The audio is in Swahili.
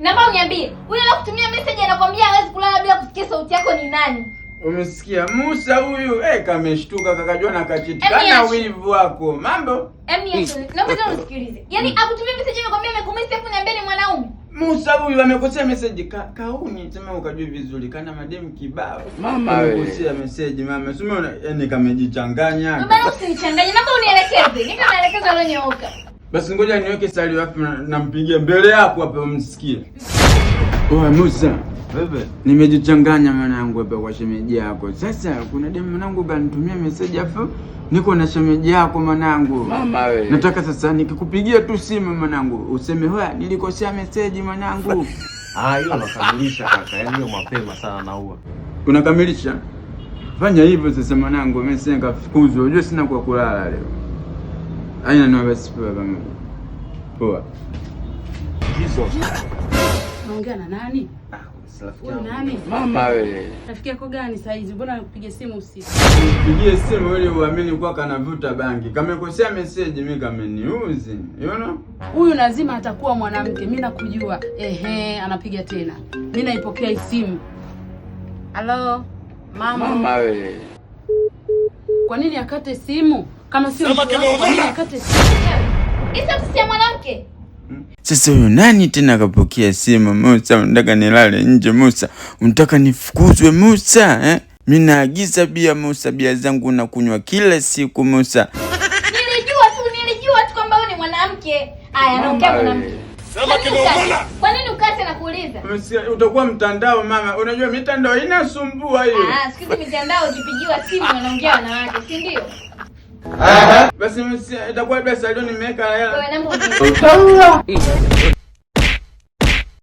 Naomba uniambie, huyo anakutumia message anakwambia hawezi kulala bila kusikia sauti yako ni nani? Umesikia Musa huyu eh, kameshtuka kakajua na kachitika kana wivu wako. Mambo? Emi, naomba tena unisikilize. Yaani mm. akutumia message amekwambia amekumisa afu niambie ni mwanaume. Musa huyu amekosea message ka, kauni sema ukajui vizuri kana madem kibao. Mama amekosea message mama. Sema yaani kamejichanganya. Baba usinichanganye. Naomba unielekeze. Nika naelekeza leo nyoka. Basi ngoja niweke salio wapi na mpigie mbele yako hapo msikie. Oa Musa, Bebe. nimejichanganya mwanangu hapa kwa shemeji yako. Sasa kuna demu mwanangu kanitumia message hapo niko na shemeji yako mwanangu. Mama wewe. Nataka sasa nikikupigia tu simu mwanangu. Useme hoya nilikosea message mwanangu. Ah, hiyo anakamilisha kaka. Yaani hiyo mapema sana na huwa. Unakamilisha? Fanya hivyo sasa mwanangu, mimi sina kafukuzwa. Unajua sina kwa kulala leo. Haina noma basi, poa pamoja. Poa. Naongea na nani? Ah, mama wewe. Rafiki yako gani sasa hizi? Mbona nakupiga simu usiku? Pigie simu ili uamini kuwa kanavuta bangi. Kamekosea message mimi kameniuzi. You know? Huyu lazima atakuwa mwanamke. Mimi nakujua. Ehe, anapiga tena. Mimi naipokea simu. Halo, mama. Mama wewe. Kwa nini akate simu kama sio akate simu mwanamke? Sasa huyo nani tena akapokea simu? Musa, unataka nilale nje? Musa, unataka nifukuzwe? Musa, eh? naagiza bia Musa, bia zangu nakunywa kila siku Musa. Nilijua tu, nilijua tu kwamba wewe ni mwanamke. Haya, naongea eh. mwanamke. Yaani kwa nini ukate na kuuliza? Utakuwa mtandao mama, unajua mitandao inasumbua hiyo. Ah, siku hizi mitandao ukipigiwa simu wanaongea wanawake, si ndio? Basi itakuwa labda salio nimeweka hela.